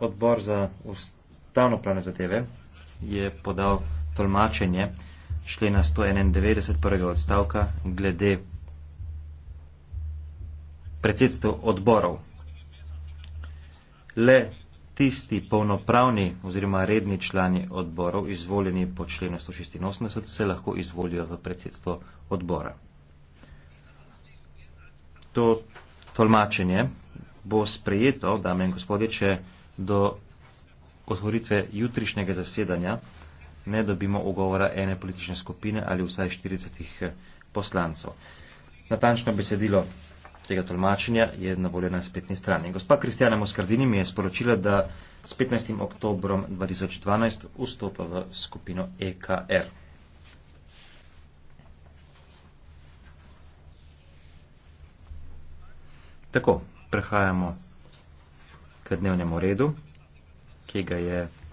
odbor za ustavno pravne zadeve je podal tolmačenje člena 191. prvega odstavka glede predsedstv odborov. Le tisti polnopravni oziroma redni člani odborov, izvoljeni po členu 186, se lahko izvolijo v predsedstvo odbora. To tolmačenje bo sprejeto, dame in gospodje, če do otvoritve jutrišnjega zasedanja ne dobimo ugovora ene politične skupine ali vsaj 40 eh, poslancev. Natančno besedilo tega tolmačenja je na voljo na spletni strani. Gospa Kristjana Moskardini mi je sporočila, da s 15. oktobrom 2012 vstopa v skupino EKR. Tako, prehajamo k dnevnemu redu, ki ga je